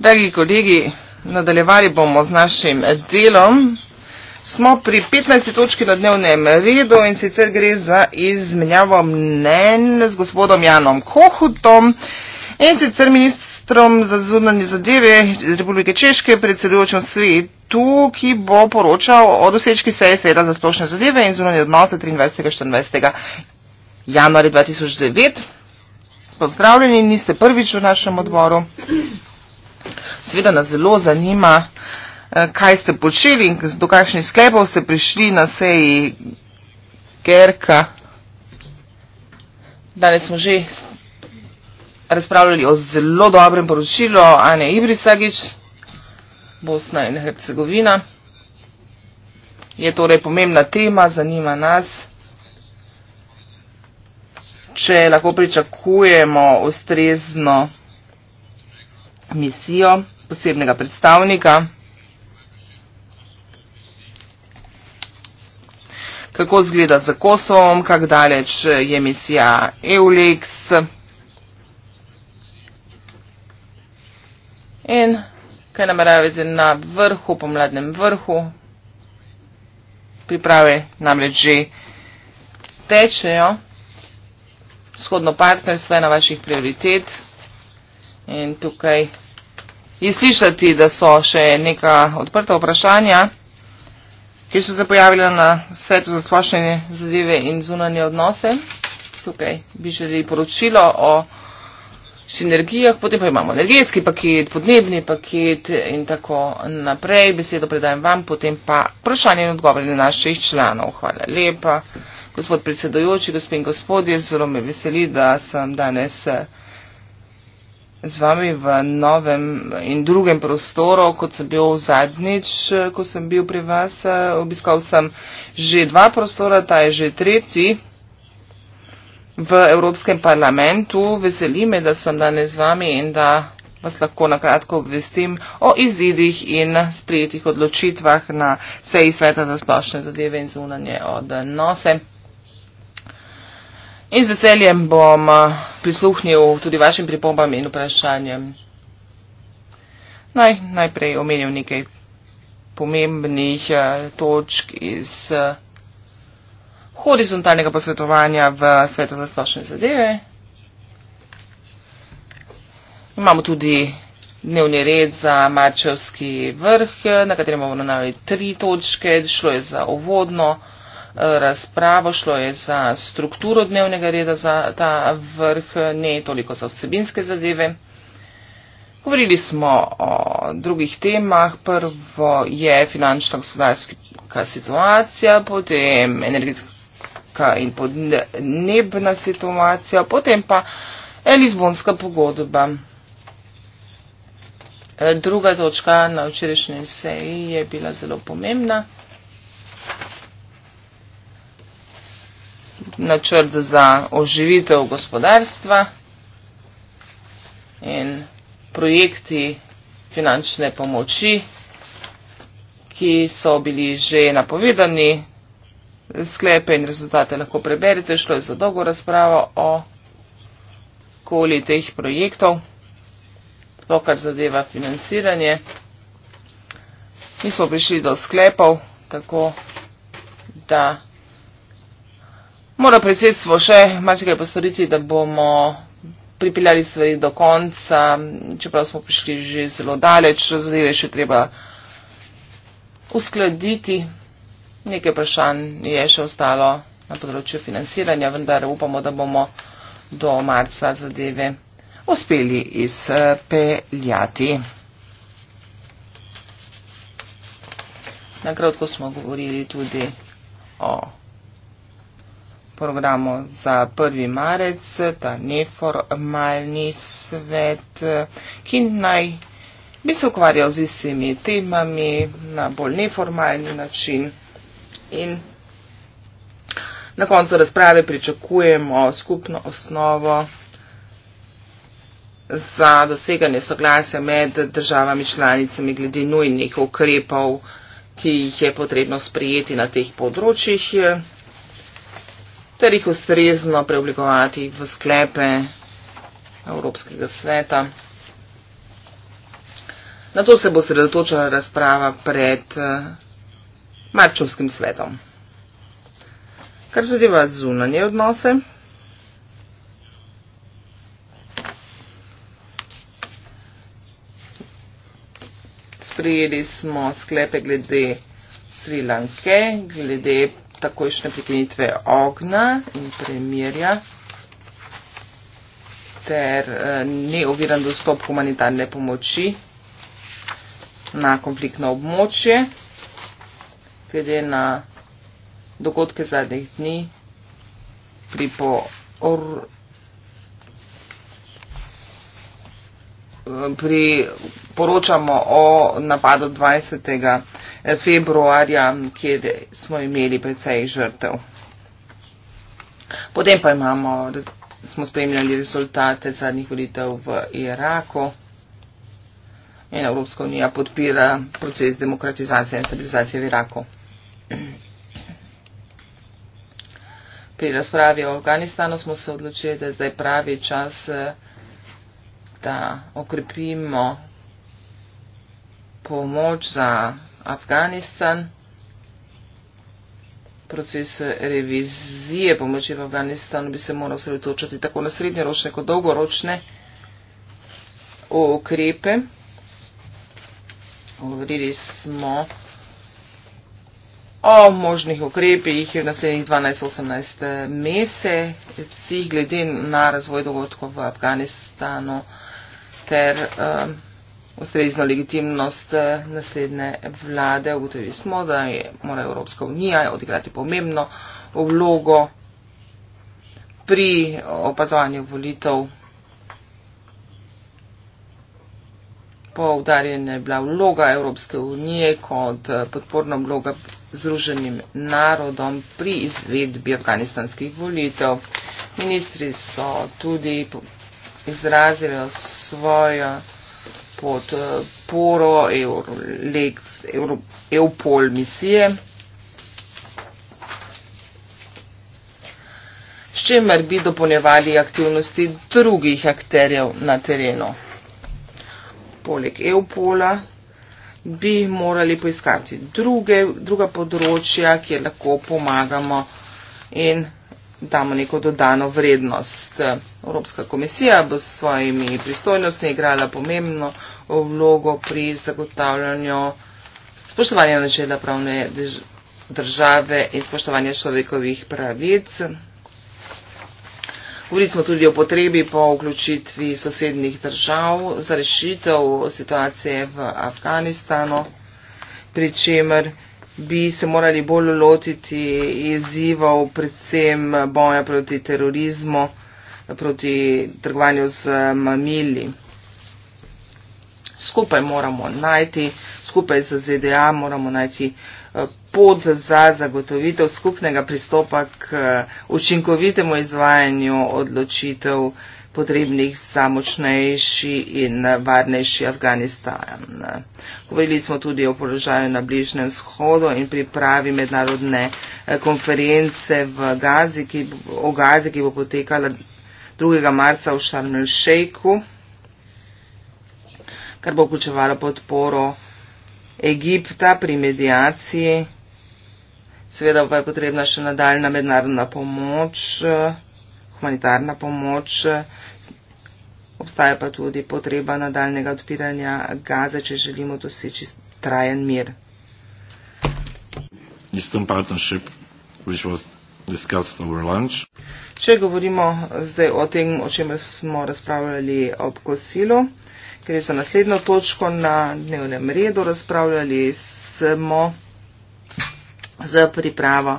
Dragi kolegi, nadaljevali bomo z našim delom. Smo pri 15. točki na dnevnem redu in sicer gre za izmenjavo mnen z gospodom Janom Kohutom in sicer ministrom za zunanje zadeve Republike Češke, predsedujočem svetu, ki bo poročal o dosečki seje sveta za splošne zadeve in zunanje odnose 23.14. januarja 2009. Pozdravljeni, niste prvič v našem odboru. Sveda nas zelo zanima, eh, kaj ste počeli in do kakšnih sklepov ste prišli na seji Gerka. Danes smo že razpravljali o zelo dobrem poročilu Ane Ibrisagič, Bosna in Hercegovina. Je torej pomembna tema, zanima nas, če lahko pričakujemo ustrezno misijo posebnega predstavnika, kako zgleda za Kosovom, kak daleč je misija EULEX, kako je misija EULEX, In kaj nameravate na vrhu, pomladnem vrhu, priprave namreč že tečejo, vzhodno partnerstvo je na vaših prioritet in tukaj je slišati, da so še neka odprta vprašanja, ki so se pojavila na svetu za splošne zadeve in zunanje odnose. Tukaj bi želeli poročilo o sinergijah, potem pa imamo energetski paket, podnebni paket in tako naprej. Besedo predajem vam, potem pa vprašanje in odgovore na naših članov. Hvala lepa. Gospod predsedojoči, gospod in gospodje, zelo me veseli, da sem danes eh, z vami v novem in drugem prostoru, kot sem bil zadnjič, eh, ko sem bil pri vas. Eh, obiskal sem že dva prostora, ta je že tretji v Evropskem parlamentu. Veseli me, da sem danes z vami in da vas lahko nakratko obvestim o izidih in sprejetih odločitvah na seji sveta za splošne zadeve in zunanje odnose. In z veseljem bom eh, prisluhnil tudi vašim pripombam in vprašanjem. Naj, najprej omenim nekaj pomembnih eh, točk iz eh, horizontalnega posvetovanja v svetu za splošne zadeve. Imamo tudi dnevni red za Marčevski vrh, na katerem bomo nanavili tri točke. Šlo je za uvodno eh, razpravo, šlo je za strukturo dnevnega reda za ta vrh, ne toliko za vsebinske zadeve. Govorili smo o drugih temah. Prvo je finančno-gospodarska situacija, potem energetska klimatska in podnebna situacija, potem pa Lizbonska pogodba. E, druga točka na včerajšnji seji je bila zelo pomembna. Načrt za oživitev gospodarstva in projekti finančne pomoči, ki so bili že napovedani, sklepe in rezultate lahko preberete. Šlo je za dolgo razpravo o koli teh projektov, to, kar zadeva financiranje. Mi smo prišli do sklepov, tako da mora predsedstvo še marsikaj postoriti, da bomo pripeljali stvari do konca, čeprav smo prišli že zelo daleč, zadeve še treba uskladiti. Nekaj vprašanj je še ostalo na področju financiranja, vendar upamo, da bomo do marca zadeve uspeli izpeljati. Nakratko smo govorili tudi o programu za prvi marec, ta neformalni svet, ki naj bi se ukvarjal z istimi temami na bolj neformalni način in na koncu razprave pričakujemo skupno osnovo za doseganje soglasja med državami članicami glede nujnih ukrepov, ki jih je potrebno sprijeti na teh področjih ter jih ustrezno preoblikovati v sklepe Evropskega sveta. Na to se bo sredotočala razprava pred marčovskim svetom. Kar zadeva zunanje odnose, sprejeli smo sklepe glede Svilanke, glede takojšne prekinitve ogna in premirja ter eh, neoviran dostop humanitarne pomoči na konfliktno območje glede na dogodke zadnjih dni pri por. Pri, poročamo o napadu 20. februarja, kjer smo imeli precej žrtev. Potem pa imamo, smo spremljali rezultate zadnjih volitev v Iraku. In Evropska unija podpira proces demokratizacije in stabilizacije v Iraku. pri razpravi o Afganistanu smo se odločili, da je zdaj pravi čas, eh, da okrepimo pomoč za Afganistan. Proces revizije pomoči v Afganistanu bi se moral sredotočiti tako na srednjeročne kot dolgoročne ukrepe. Govorili smo o možnih ukrepih v naslednjih 12-18 eh, mesecih glede na razvoj dogodkov v Afganistanu ter eh, ustrezno legitimnost eh, naslednje vlade. Ugotovili smo, da je, mora Evropska unija odigrati pomembno vlogo pri opazovanju volitev poudarjena je bila vloga Evropske unije kot eh, podporna vloga združenim narodom pri izvedbi afganistanskih volitev. Ministri so tudi izrazili svojo podporo EUPOL misije. S čimer bi dopolnjevali aktivnosti drugih akterjev na terenu poleg Evpola bi morali poiskati druge, druga področja, kjer lahko pomagamo in damo neko dodano vrednost. Evropska komisija bo s svojimi pristojnostmi igrala pomembno vlogo pri zagotavljanju spoštovanja načela pravne države in spoštovanja človekovih pravic. Govorili smo tudi o potrebi po vključitvi sosednjih držav za rešitev situacije v Afganistanu, pri čemer bi se morali bolj lotiti izzivov, predvsem boja proti terorizmu, proti trgovanju z mamili. Skupaj moramo najti, skupaj z ZDA moramo najti pot za zagotovitev skupnega pristopa k eh, učinkovitemu izvajanju odločitev potrebnih za močnejši in varnejši Afganistan. Govorili smo tudi o položaju na Bližnjem shodu in pripravi mednarodne eh, konference v Gazi, ki, o Gazi, ki bo potekala 2. marca v Šarmel Šejku, kar bo vključevalo podporo Egipta pri medijaciji Seveda pa je potrebna še nadaljna mednarodna pomoč, eh, humanitarna pomoč. Obstaja pa tudi potreba nadaljnega odpiranja gaze, če želimo doseči trajen mir. Če govorimo zdaj o tem, o čem smo razpravljali ob kosilu, ker je za naslednjo točko na dnevnem redu razpravljali, smo z pripravo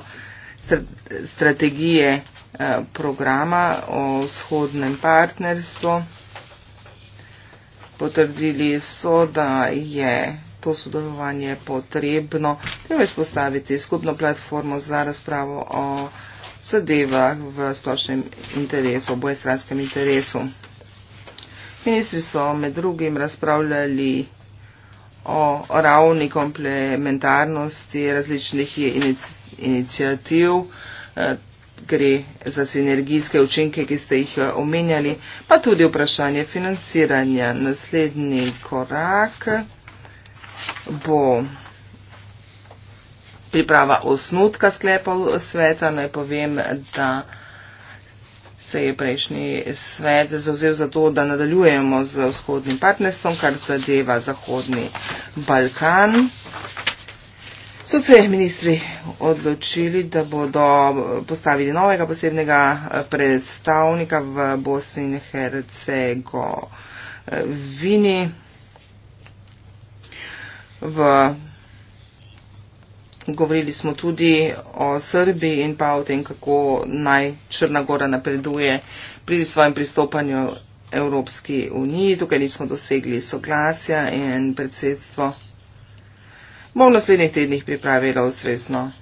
strategije eh, programa o vzhodnem partnerstvu. Potrdili so, da je to sodelovanje potrebno. Treba izpostaviti skupno platformo za razpravo o zadevah v splošnem interesu, v bojestranskem interesu. Ministri so med drugim razpravljali o ravni komplementarnosti različnih inic, inicijativ, eh, gre za sinergijske učinke, ki ste jih eh, omenjali, pa tudi vprašanje financiranja. Naslednji korak bo priprava osnutka sklepov sveta. Naj povem, da se je prejšnji svet zauzel za to, da nadaljujemo z vzhodnim partnerstvom, kar zadeva Zahodni Balkan. So se ministri odločili, da bodo postavili novega posebnega eh, predstavnika v Bosni in Hercegovini. V Govorili smo tudi o Srbiji in pa o tem, kako naj Črnagora napreduje pri svojem pristopanju Evropski uniji. Tukaj nismo dosegli soglasja in predsedstvo bo v naslednjih tednih pripravilo ustrezno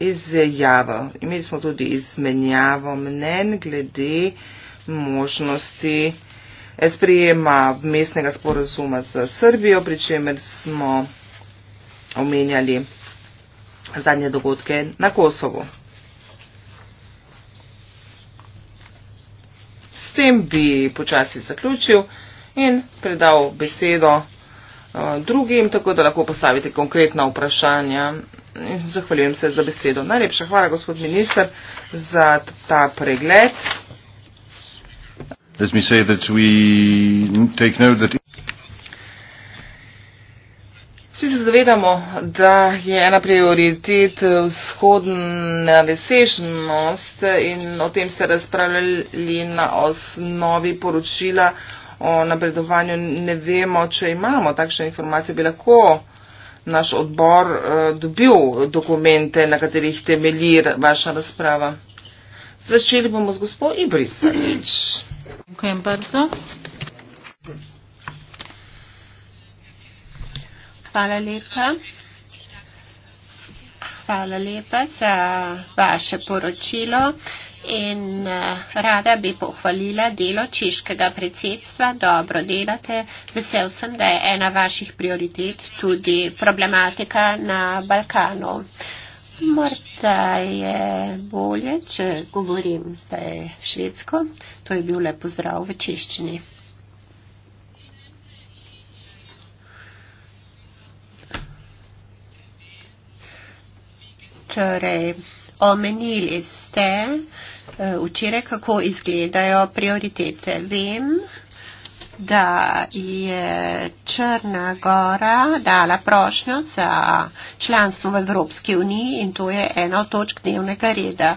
izjavo. Imeli smo tudi izmenjavo mnen glede možnosti sprejema mestnega sporazuma za Srbijo, pri čemer smo omenjali zadnje dogodke na Kosovo. S tem bi počasi zaključil in predal besedo eh, drugim, tako da lahko postavite konkretna vprašanja. In zahvaljujem se za besedo. Najlepša hvala, gospod minister, za ta pregled. Let me say that we take note that Vsi se zavedamo, da je ena prioritet vzhodna resešnost in o tem ste razpravljali na osnovi poročila o napredovanju. Ne vemo, če imamo takšne informacije, bi lahko naš odbor eh, dobil dokumente, na katerih temelji vaša razprava. Začeli bomo z gospod Ibris. Hvala. Okay, Hvala lepa. Hvala lepa za vaše poročilo in eh, rada bi pohvalila delo češkega predsedstva. Dobro delate. Vesel sem, da je ena vaših prioritet tudi problematika na Balkanu. Morda je bolje, če govorim zdaj švedsko. To je bil lep pozdrav v češčini. Torej, omenili ste eh, včeraj, kako izgledajo prioritete. Vem, da je Črna Gora dala prošnjo za članstvo v Evropski uniji in to je ena od točk dnevnega reda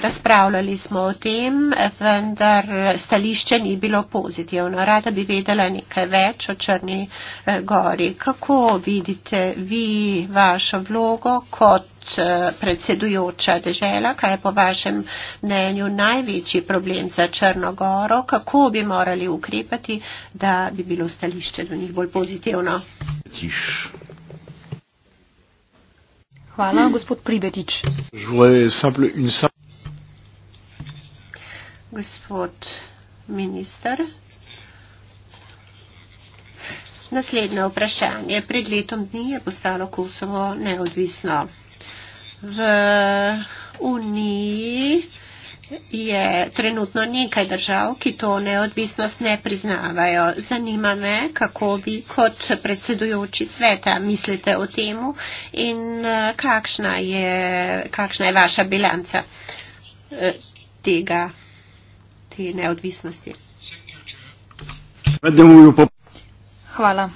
razpravljali smo o tem, vendar stališče ni bilo pozitivno. Rada bi vedela nekaj več o Črni eh, gori. Kako vidite vi vašo vlogo kot eh, predsedujoča dežela, kaj je po vašem mnenju največji problem za Črno goro, kako bi morali ukrepati, da bi bilo stališče do njih bolj pozitivno? Tiš. Hvala, gospod Pribetič gospod minister. Naslednje vprašanje. Pred letom dni je postalo Kosovo neodvisno. V Uniji je trenutno nekaj držav, ki to neodvisnost ne priznavajo. Zanima me, kako vi kot predsedujoči sveta mislite o temu in eh, kakšna je, kakšna je vaša bilanca eh, tega te neodvisnosti. Hvala.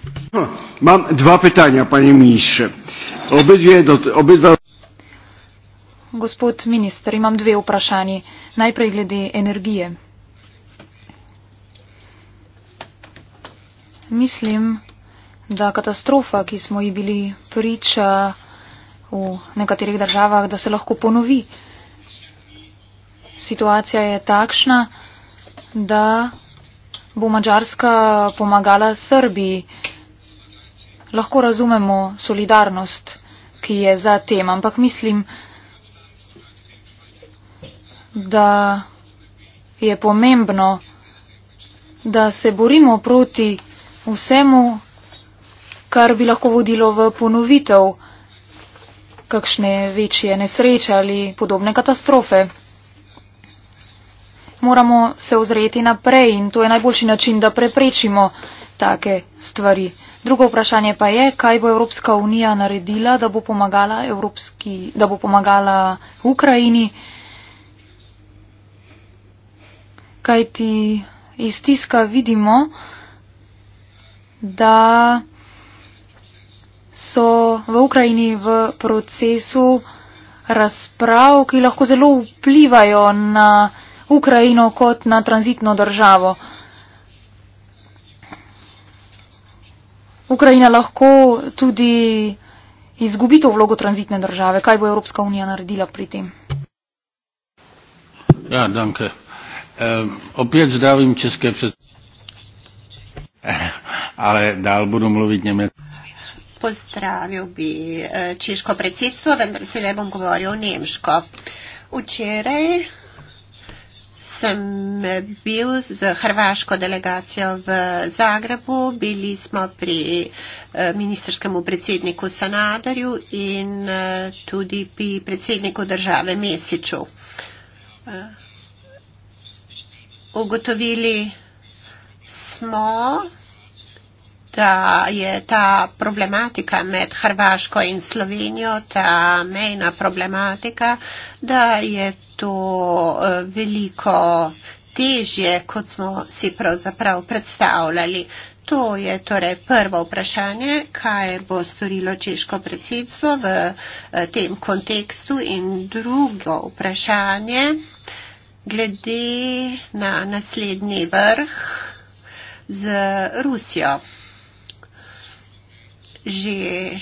Imam dva pitanja, pani Miš. Gospod minister, imam dve vprašanji. Najprej glede energije. Mislim, da katastrofa, ki smo ji bili priča v nekaterih državah, da se lahko ponovi. Situacija je takšna, da bo Mačarska pomagala Srbiji. Lahko razumemo solidarnost, ki je za tem, ampak mislim, da je pomembno, da se borimo proti vsemu, kar bi lahko vodilo v ponovitev kakšne večje nesreče ali podobne katastrofe moramo se ozreti naprej in to je najboljši način, da preprečimo take stvari. Drugo vprašanje pa je, kaj bo Evropska unija naredila, da bo pomagala, Evropski, da bo pomagala Ukrajini. Kaj ti iz tiska vidimo, da so v Ukrajini v procesu razprav, ki lahko zelo vplivajo na. Ukrajino kot na tranzitno državo. Ukrajina lahko tudi izgubi to vlogo tranzitne države. Kaj bo Evropska unija naredila pri tem? Ja, danke. E, opět zdravím české před... Ale dál budu mluvit německy. Pozdravil by eh, Češko predsedstvo, vendar se ne bom govoril nemško. Včeraj sem bil z hrvaško delegacijo v Zagrebu, bili smo pri eh, ministerskemu predsedniku Sanaderju in eh, tudi pri predsedniku države Mesiču. Eh, ugotovili smo, da je ta problematika med Hrvaško in Slovenijo, ta mejna problematika, da je to eh, veliko težje, kot smo si pravzaprav predstavljali. To je torej prvo vprašanje, kaj bo storilo češko predsedstvo v eh, tem kontekstu in drugo vprašanje glede na naslednji vrh z Rusijo že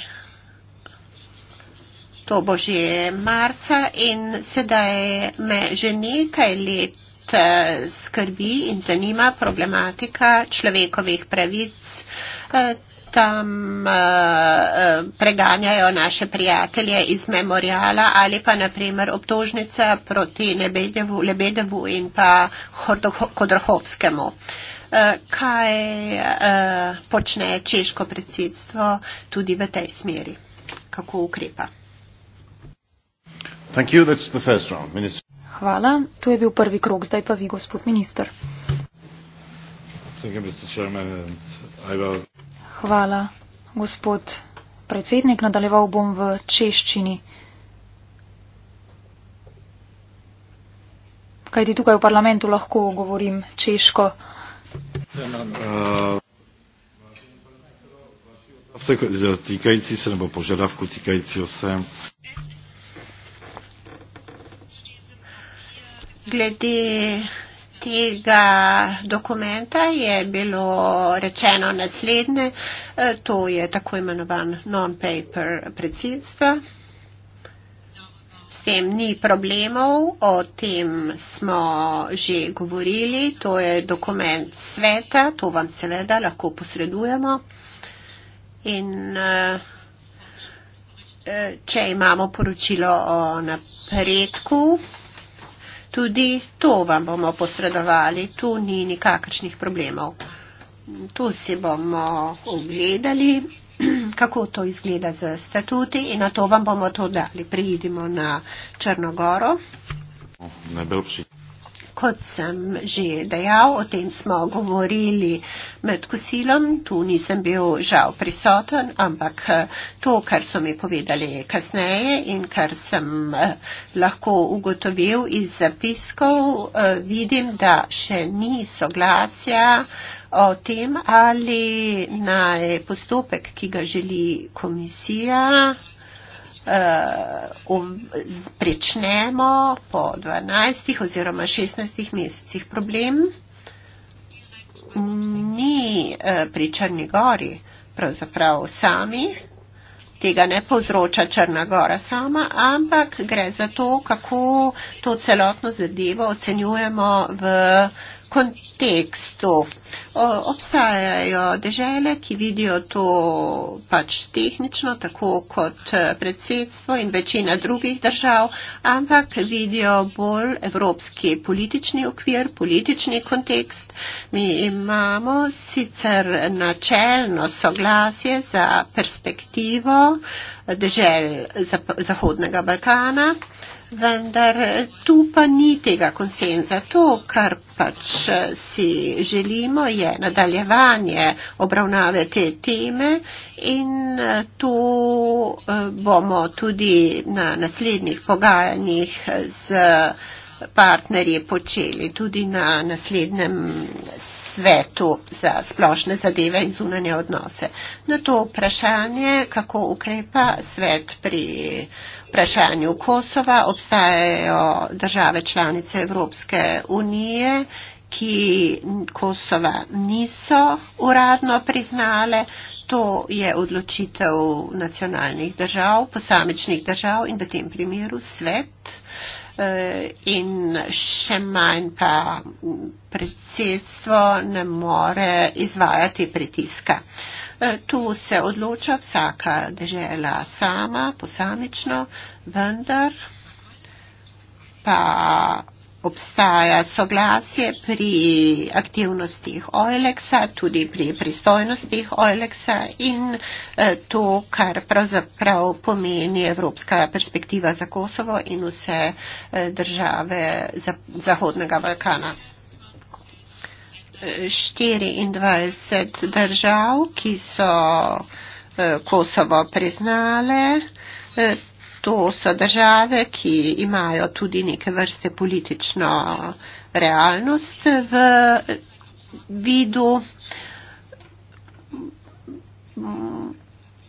to bo že marca in sedaj me že nekaj let eh, skrbi in zanima problematika človekovih pravic. Eh, tam eh, preganjajo naše prijatelje iz memoriala ali pa naprimer obtožnica proti Lebedevu in pa Kodrhovskemu. Hordoh Eh, kaj eh, počne češko predsedstvo tudi v tej smeri, kako ukrepa. Hvala, to je bil prvi krok, zdaj pa vi, gospod minister. Hvala, gospod predsednik. Nadaljeval bom v češčini. Kajti tukaj v parlamentu lahko govorim češko. Uh, Vse, tikajci se ne bo poželavku, tikajci vsem. Glede tega dokumenta je bilo rečeno naslednje, to je tako imenovan non-paper predsedstva tem ni problemov, o tem smo že govorili, to je dokument sveta, to vam seveda lahko posredujemo. In eh, eh, če imamo poročilo o napredku, tudi to vam bomo posredovali, tu ni nikakršnih problemov. Tu si bomo ogledali kako to izgleda z statuti in na to vam bomo to dali. Prijedimo na Črnogoro. Najboljši. Kot sem že dejal, o tem smo govorili med kosilom, tu nisem bil žal prisoten, ampak eh, to, kar so mi povedali kasneje in kar sem eh, lahko ugotovil iz zapiskov, eh, vidim, da še ni soglasja o tem, ali naj postopek, ki ga želi komisija, uh, eh, um, prečnemo po 12 oziroma 16 mesecih. Problem ni uh, pri Črni gori, pravzaprav sami. Tega ne povzroča Črna Gora sama, ampak gre za to, kako to celotno zadevo ocenjujemo v kontekstu. O, obstajajo države, ki vidijo to pač tehnično, tako kot eh, predsedstvo in večina drugih držav, ampak vidijo bolj evropski politični okvir, politični kontekst. Mi imamo sicer načelno soglasje za perspektivo držav Zahodnega Balkana vendar tu pa ni tega konsenza. To, kar pač eh, si želimo, je nadaljevanje obravnave te teme in eh, to eh, bomo tudi na naslednjih pogajanjih z partnerje počeli tudi na naslednjem svetu za splošne zadeve in zunanje odnose. Na to vprašanje, kako ukrepa svet pri vprašanju Kosova obstajajo države članice Evropske unije, ki Kosova niso uradno priznale. To je odločitev nacionalnih držav, posamečnih držav in v tem primeru svet eh, in še manj pa predsedstvo ne more izvajati pritiska. Tu se odloča vsaka dežela sama, posamično, vendar pa obstaja soglasje pri aktivnostih OLEX-a, tudi pri pristojnostih OLEX-a in eh, to, kar pravzaprav pomeni Evropska perspektiva za Kosovo in vse eh, države Zahodnega Balkana. 24 držav, ki so eh, Kosovo priznale. Eh, to so države, ki imajo tudi neke vrste politično realnost v vidu.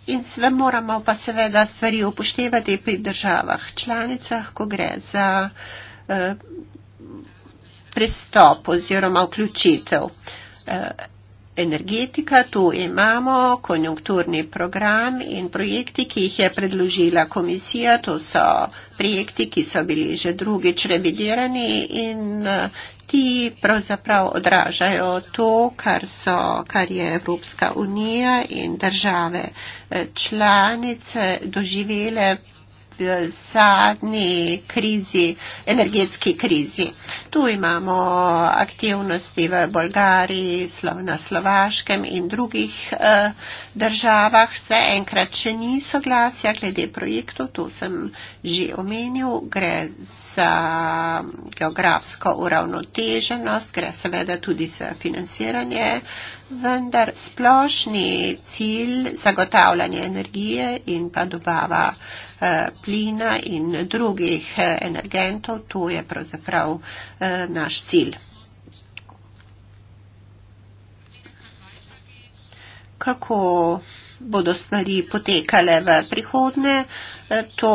In sve moramo pa seveda stvari upoštevati pri državah, članicah, ko gre za eh, prestop oziroma vključitev. Eh, energetika, tu imamo konjunkturni program in projekti, ki jih je predložila komisija, to so projekti, ki so bili že drugič revidirani in eh, ti pravzaprav odražajo to, kar, so, kar je Evropska unija in države eh, članice doživele zadnji krizi, energetski krizi. Tu imamo aktivnosti v Bolgariji, na Slovaškem in drugih eh, državah. Vse enkrat, če ni soglasja glede projektov, to sem že omenil, gre za geografsko uravnoteženost, gre seveda tudi za financiranje, vendar splošni cilj zagotavljanje energije in pa dobava Eh, plina in drugih eh, energentov, to je pravzaprav eh, naš cilj. Kako bodo stvari potekale v prihodne, to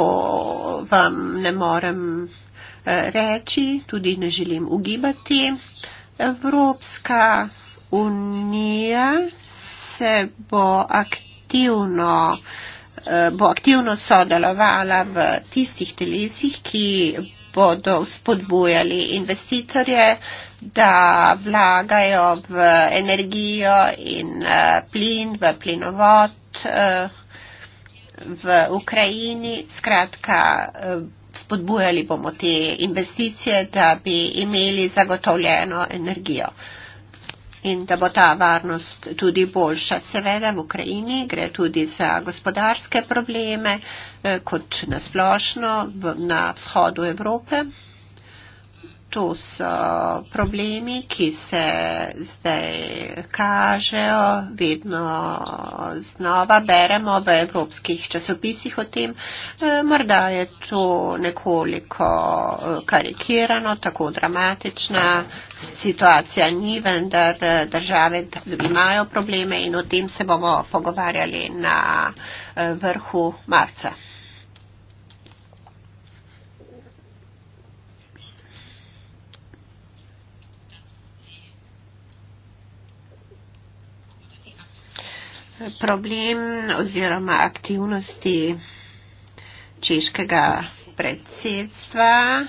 vam ne morem reči, tudi ne želim ugibati. Evropska unija se bo aktivno uh, Eh, bo aktivno sodelovala v tistih telesih, ki bodo spodbujali investitorje, da vlagajo v energijo in eh, plin, v plinovod eh, v Ukrajini. Skratka, spodbujali bomo te investicije, da bi imeli zagotovljeno energijo in da bo ta varnost tudi boljša. Seveda v Ukrajini gre tudi za gospodarske probleme eh, kot nasplošno na vzhodu Evrope to so problemi, ki se zdaj kažejo, vedno znova beremo v evropskih časopisih o tem. E, morda je to nekoliko e, karikirano, tako dramatična situacija ni, vendar e, države imajo probleme in o tem se bomo pogovarjali na vrhu marca. problem oziroma aktivnosti češkega predsedstva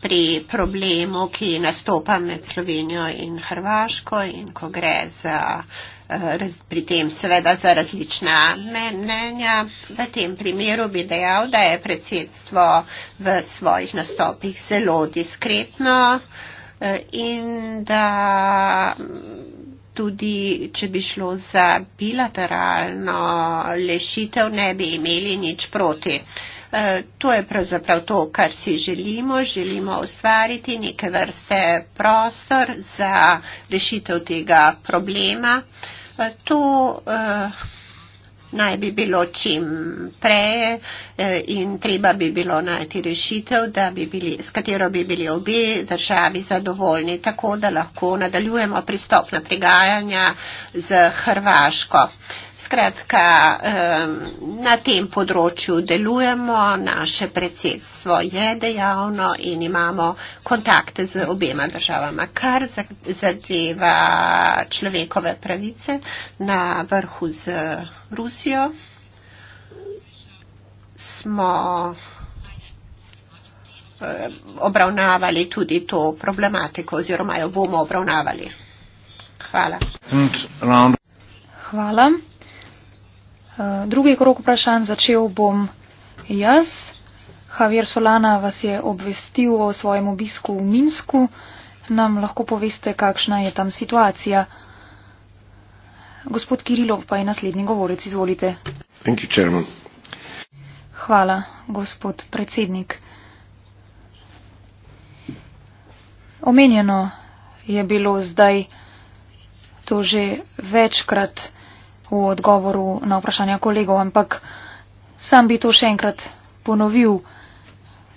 pri problemu, ki nastopa med Slovenijo in Hrvaško in ko gre za, eh, pri tem seveda za različna mnenja. V tem primeru bi dejal, da je predsedstvo v svojih nastopih zelo diskretno eh, in da tudi če bi šlo za bilateralno lešitev, ne bi imeli nič proti. E, to je pravzaprav to, kar si želimo. Želimo ustvariti neke vrste prostor za rešitev tega problema. E, to uh, naj bi bilo čim preje eh, in treba bi bilo najti rešitev, da bi bili, s katero bi bili obe državi zadovoljni, tako da lahko nadaljujemo pristopna pregajanja z Hrvaško. Skratka, na tem področju delujemo, naše predsedstvo je dejavno in imamo kontakte z obema državama, kar zadeva človekove pravice na vrhu z Rusijo. Smo obravnavali tudi to problematiko oziroma jo bomo obravnavali. Hvala. Hvala. Eh, drugi krok vprašanj začel bom jaz. Javier Solana vas je obvestil o svojem obisku v Minsku. Nam lahko poveste, kakšna je tam situacija. Gospod Kirilov pa je naslednji govorec. Izvolite. Thank you, Hvala, gospod predsednik. Omenjeno je bilo zdaj to že večkrat v odgovoru na vprašanja kolegov, ampak sam bi to še enkrat ponovil.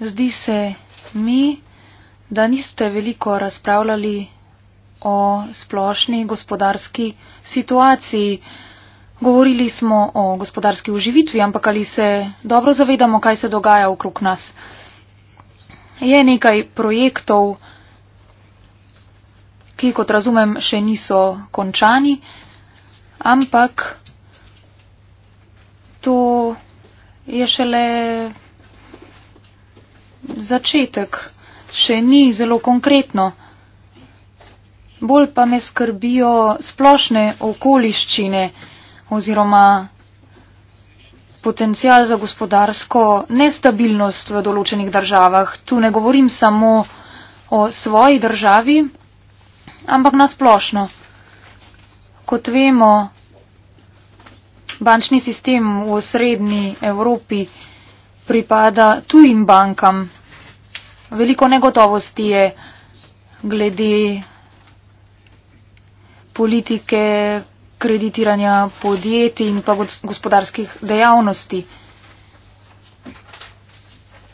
Zdi se mi, da niste veliko razpravljali o splošni gospodarski situaciji. Govorili smo o gospodarski uživitvi, ampak ali se dobro zavedamo, kaj se dogaja okrog nas. Je nekaj projektov, ki, kot razumem, še niso končani, ampak to je šele začetek, še ni zelo konkretno. Bolj pa me skrbijo splošne okoliščine oziroma potencial za gospodarsko nestabilnost v določenih državah. Tu ne govorim samo o svoji državi, ampak nasplošno. Kot vemo, bančni sistem v srednji Evropi pripada tujim bankam. Veliko negotovosti je glede politike kreditiranja podjetij in pa gospodarskih dejavnosti.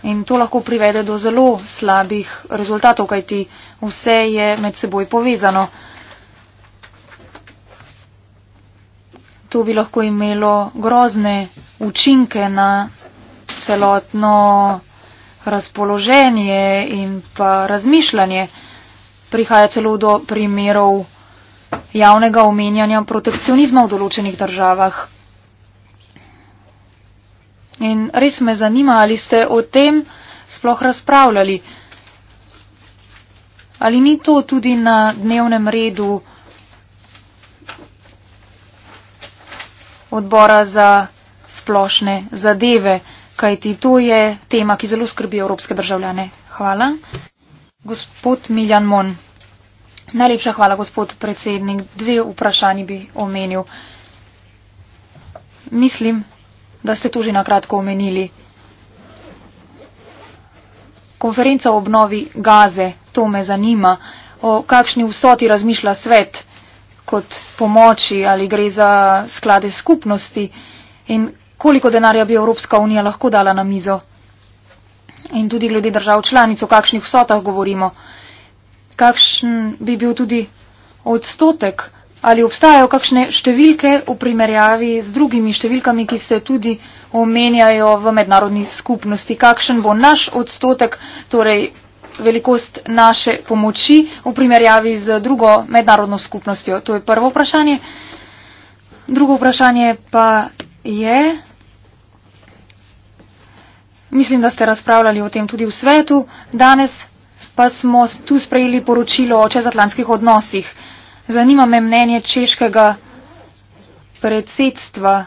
In to lahko privede do zelo slabih rezultatov, kajti vse je med seboj povezano. to bi lahko imelo grozne učinke na celotno razpoloženje in pa razmišljanje. Prihaja celo do primerov javnega omenjanja protekcionizma v določenih državah. In res me zanima, ali ste o tem sploh razpravljali. Ali ni to tudi na dnevnem redu? odbora za splošne zadeve, kajti to je tema, ki zelo skrbi evropske državljane. Hvala. Gospod Miljan Mon. Najlepša hvala, gospod predsednik. Dve vprašanji bi omenil. Mislim, da ste to že nakratko omenili. Konferenca o obnovi gaze, to me zanima. O kakšni vsoti razmišlja svet? kot pomoči ali gre za sklade skupnosti in koliko denarja bi Evropska unija lahko dala na mizo. In tudi glede držav članic, o kakšnih vsotah govorimo, kakšen bi bil tudi odstotek ali obstajajo kakšne številke v primerjavi z drugimi številkami, ki se tudi omenjajo v mednarodni skupnosti, kakšen bo naš odstotek, torej velikost naše pomoči v primerjavi z drugo mednarodno skupnostjo? To je prvo vprašanje. Drugo vprašanje pa je, mislim, da ste razpravljali o tem tudi v svetu, danes pa smo tu sprejeli poročilo o čezatlantskih odnosih. Zanima me mnenje češkega predsedstva.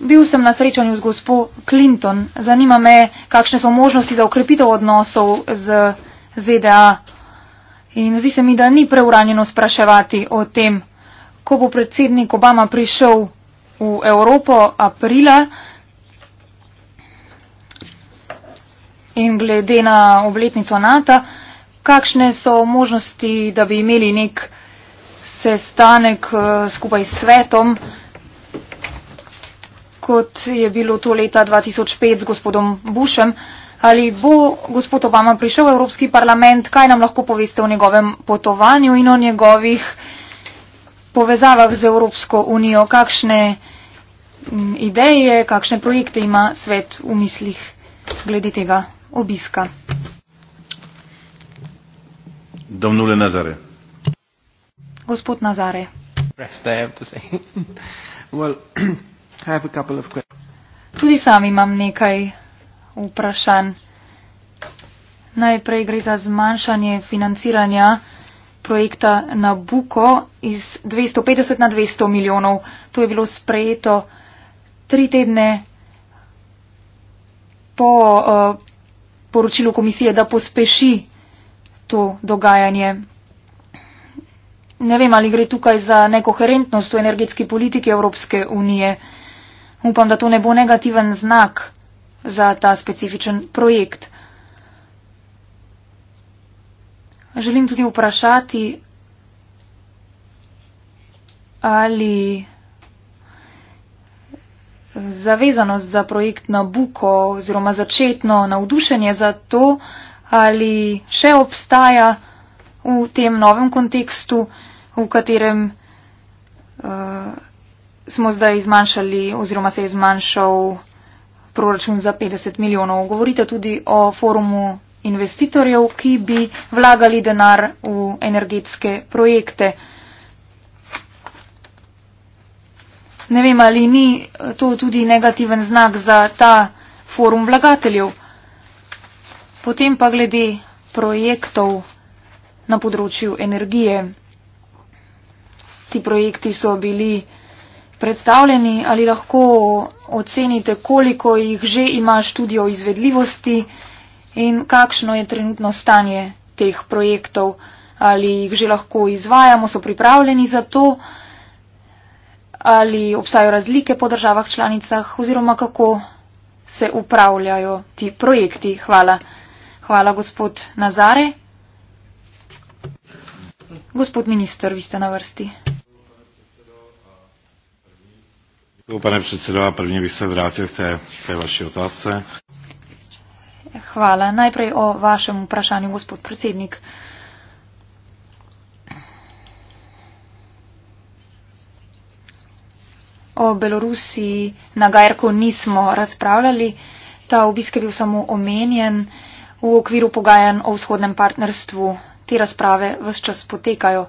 Bil sem na srečanju z gospo Clinton. Zanima me, kakšne so možnosti za ukrepitev odnosov z ZDA. In zdi se mi, da ni preuranjeno spraševati o tem, ko bo predsednik Obama prišel v Evropo aprila. In glede na obletnico NATO, kakšne so možnosti, da bi imeli nek sestanek eh, skupaj s svetom, kot je bilo to leta 2005 z gospodom Bushem. Ali bo gospod Obama prišel v Evropski parlament, kaj nam lahko poveste o njegovem potovanju in o njegovih povezavah z Evropsko unijo, kakšne mm, ideje, kakšne projekte ima svet v mislih glede tega obiska. Domnule Nazare. Gospod Nazare. Rest, have a couple of questions. Tudi sam imam nekaj vprašanj. Najprej gre za zmanjšanje financiranja projekta Nabuko iz 250 na 200 milijonov. To je bilo sprejeto tri tedne po uh, poročilu komisije, da pospeši to dogajanje. Ne vem, ali gre tukaj za nekoherentnost v energetski politiki Evropske unije. Uh, Upam, da to ne bo negativen znak za ta specifičen projekt. Želim tudi vprašati, ali zavezanost za projekt Nabuko oziroma začetno navdušenje za to, ali še obstaja v tem novem kontekstu, v katerem uh, smo zdaj zmanjšali oziroma se je zmanjšal proračun za 50 milijonov. Govorite tudi o forumu investitorjev, ki bi vlagali denar v energetske projekte. Ne vem, ali ni to tudi negativen znak za ta forum vlagateljev. Potem pa glede projektov na področju energije. Ti projekti so bili predstavljeni, ali lahko ocenite, koliko jih že ima študijo izvedljivosti in kakšno je trenutno stanje teh projektov, ali jih že lahko izvajamo, so pripravljeni za to, ali obstajajo razlike po državah članicah oziroma kako se upravljajo ti projekti. Hvala. Hvala, gospod Nazare. Gospod minister, vi ste na vrsti. pane predsedova, prvni bi se vrátil k té, k té vaši otázce. Hvala. Najprej o vašem vprašanju, gospod predsednik. O Belorusiji na Gajerku nismo razpravljali. Ta obisk je bil samo omenjen v okviru pogajanj o vzhodnem partnerstvu. Te razprave vse čas potekajo.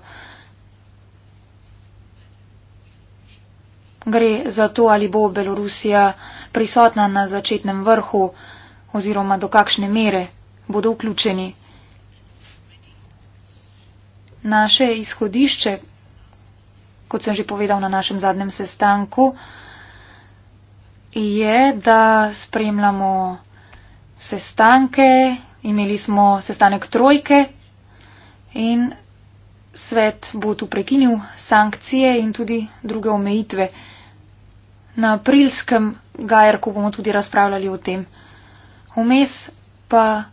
gre za to, ali bo Belorusija prisotna na začetnem vrhu oziroma do kakšne mere bodo vključeni. Naše izhodišče, kot sem že povedal na našem zadnjem sestanku, je, da spremljamo sestanke, imeli smo sestanek trojke in svet bo tu prekinil sankcije in tudi druge omejitve na aprilskem Gajerku bomo tudi razpravljali o tem. Vmes pa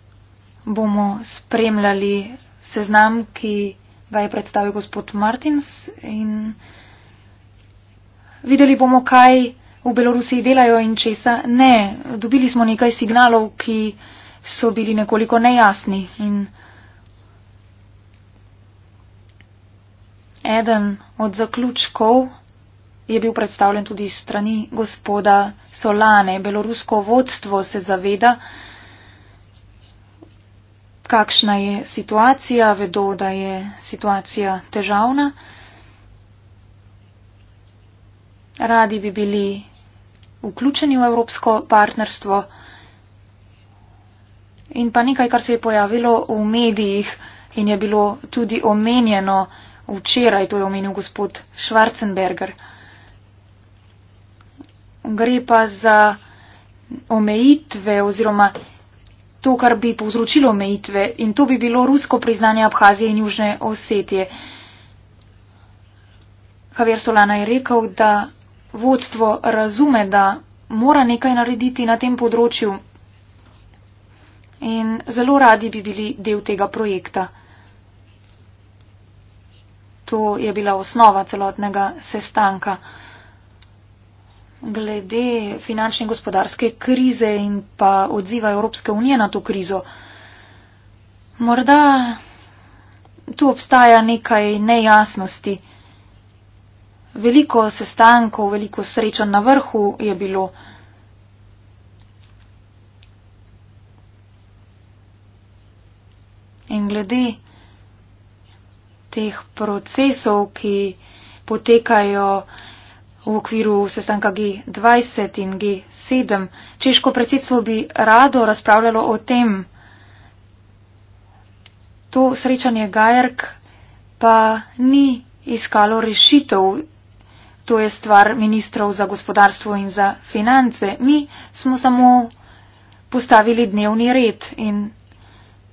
bomo spremljali seznam, ki ga je predstavil gospod Martins in videli bomo, kaj v Belorusiji delajo in česa ne. Dobili smo nekaj signalov, ki so bili nekoliko nejasni in eden od zaključkov je bil predstavljen tudi strani gospoda Solane. Belorusko vodstvo se zaveda, kakšna je situacija, vedo, da je situacija težavna. Radi bi bili vključeni v evropsko partnerstvo in pa nekaj, kar se je pojavilo v medijih in je bilo tudi omenjeno včeraj, to je omenil gospod Schwarzenberger gre pa za omejitve oziroma to, kar bi povzročilo omejitve in to bi bilo rusko priznanje Abhazije in Južne Osetije. Javier Solana je rekel, da vodstvo razume, da mora nekaj narediti na tem področju in zelo radi bi bili del tega projekta. To je bila osnova celotnega sestanka glede finančne in gospodarske krize in pa odziva Evropske unije na to krizo. Morda tu obstaja nekaj nejasnosti. Veliko sestankov, veliko srečanj na vrhu je bilo. In glede teh procesov, ki potekajo V okviru sestanka G20 in G7 češko predsedstvo bi rado razpravljalo o tem. To srečanje Gajerk pa ni iskalo rešitev. To je stvar ministrov za gospodarstvo in za finance. Mi smo samo postavili dnevni red in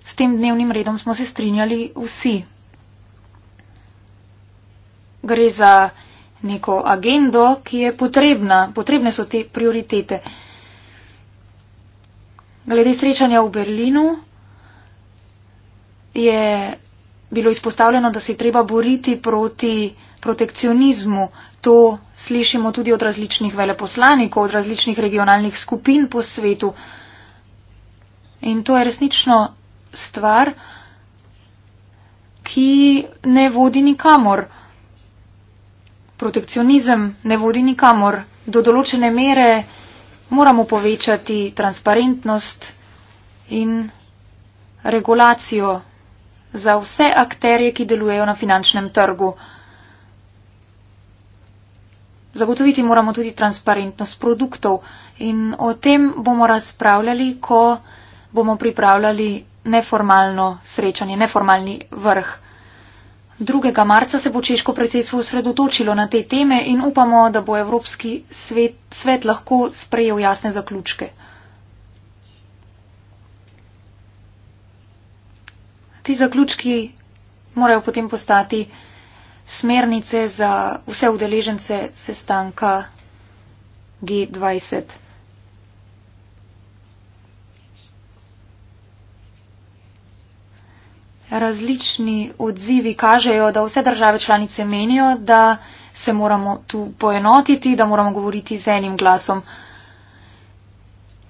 s tem dnevnim redom smo se strinjali vsi. Gre za neko agendo, ki je potrebna, potrebne so te prioritete. Glede srečanja v Berlinu je bilo izpostavljeno, da se je treba boriti proti protekcionizmu. To slišimo tudi od različnih veleposlanikov, od različnih regionalnih skupin po svetu. In to je resnično stvar, ki ne vodi nikamor protekcionizem ne vodi nikamor. Do določene mere moramo povečati transparentnost in regulacijo za vse akterje, ki delujejo na finančnem trgu. Zagotoviti moramo tudi transparentnost produktov in o tem bomo razpravljali, ko bomo pripravljali neformalno srečanje, neformalni vrh. 2. marca se bo češko predsedstvo osredotočilo na te teme in upamo, da bo Evropski svet, svet lahko sprejel jasne zaključke. Ti zaključki morajo potem postati smernice za vse udeležence sestanka G20. različni odzivi kažejo, da vse države članice menijo, da se moramo tu poenotiti, da moramo govoriti z enim glasom.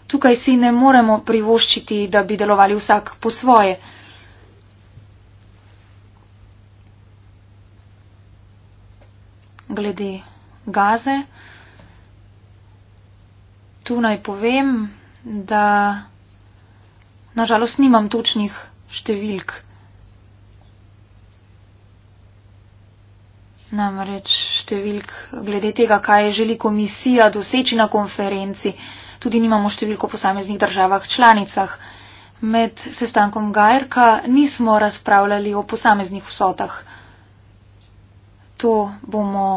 Tukaj si ne moremo privoščiti, da bi delovali vsak po svoje. Glede gaze, tu naj povem, da nažalost nimam točnih številk. namreč številk glede tega, kaj želi komisija doseči na konferenci, tudi nimamo številko posameznih državah članicah. Med sestankom Gajrka nismo razpravljali o posameznih vsotah. To bomo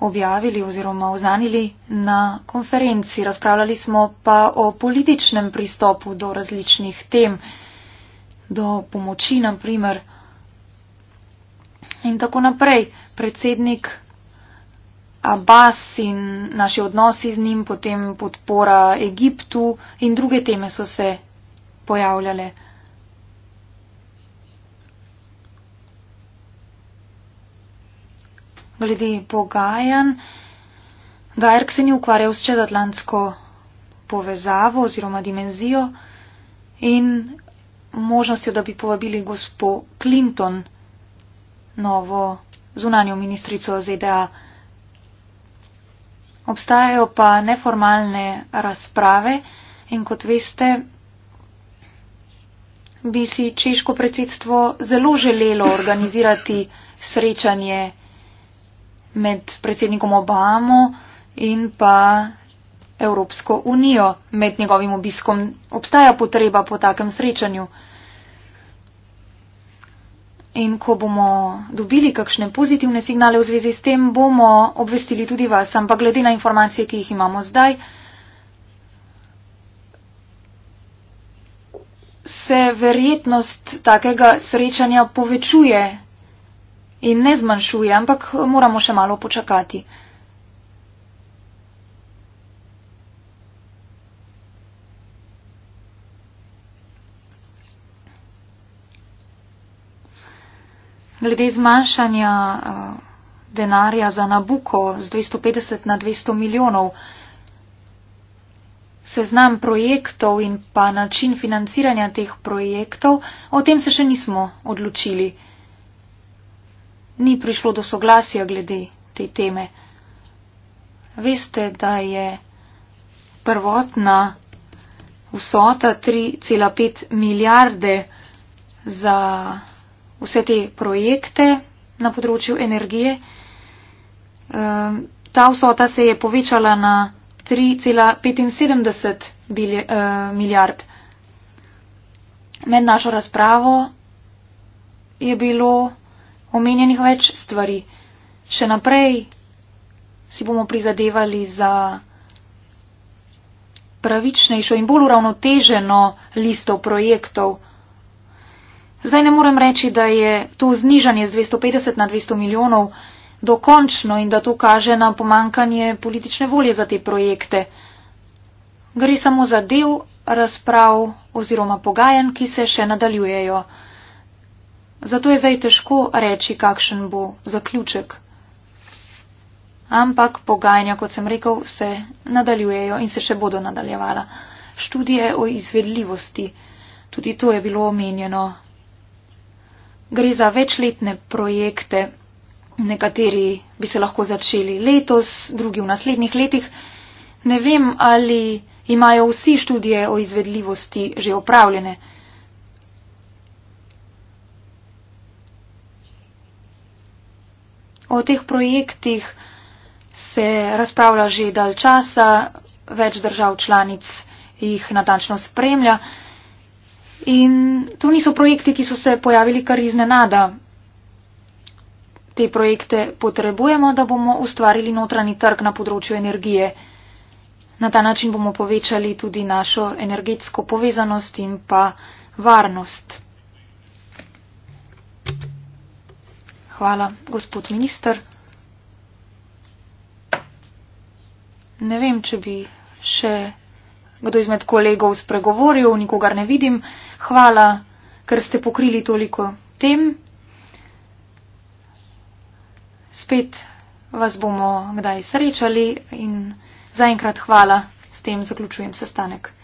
objavili oziroma oznanili na konferenci. Razpravljali smo pa o političnem pristopu do različnih tem, do pomoči, na primer, in tako naprej. Predsednik Abbas in naši odnosi z njim, potem podpora Egiptu in druge teme so se pojavljale. Glede pogajanj, Gajerk se ni ukvarjal s čezatlantsko povezavo oziroma dimenzijo in možnostjo, da bi povabili gospo Clinton novo zunanjo ministrico ZDA. Obstajajo pa neformalne razprave in kot veste, bi si češko predsedstvo zelo želelo organizirati srečanje med predsednikom Obamo in pa Evropsko unijo. Med njegovim obiskom obstaja potreba po takem srečanju. In ko bomo dobili kakšne pozitivne signale v zvezi s tem, bomo obvestili tudi vas. Ampak glede na informacije, ki jih imamo zdaj, se verjetnost takega srečanja povečuje in ne zmanjšuje, ampak moramo še malo počakati. glede zmanjšanja eh, denarja za Nabuko z 250 na 200 milijonov. Seznam projektov in pa način financiranja teh projektov, o tem se še nismo odločili. Ni prišlo do soglasja glede te teme. Veste, da je prvotna vsota 3,5 milijarde za vse te projekte na področju energije. Ehm, ta vsota se je povečala na 3,75 eh, milijard. Med našo razpravo je bilo omenjenih več stvari. Še naprej si bomo prizadevali za pravičnejšo in bolj uravnoteženo listo projektov. Zdaj ne morem reči, da je to znižanje z 250 na 200 milijonov dokončno in da to kaže na pomankanje politične volje za te projekte. Gre samo za del razprav oziroma pogajanj, ki se še nadaljujejo. Zato je zdaj težko reči, kakšen bo zaključek. Ampak pogajanja, kot sem rekel, se nadaljujejo in se še bodo nadaljevala. Študije o izvedljivosti. Tudi to je bilo omenjeno gre za večletne projekte. Nekateri bi se lahko začeli letos, drugi v naslednjih letih. Ne vem, ali imajo vsi študije o izvedljivosti že opravljene. O teh projektih se razpravlja že dal časa, več držav članic jih natančno spremlja. In to niso projekti, ki so se pojavili kar iznenada. Te projekte potrebujemo, da bomo ustvarili notranji trg na področju energije. Na ta način bomo povečali tudi našo energetsko povezanost in pa varnost. Hvala, gospod minister. Ne vem, če bi še kdo izmed kolegov spregovoril, nikogar ne vidim. Hvala, ker ste pokrili toliko tem. Spet vas bomo kdaj srečali in zaenkrat hvala, s tem zaključujem sestanek.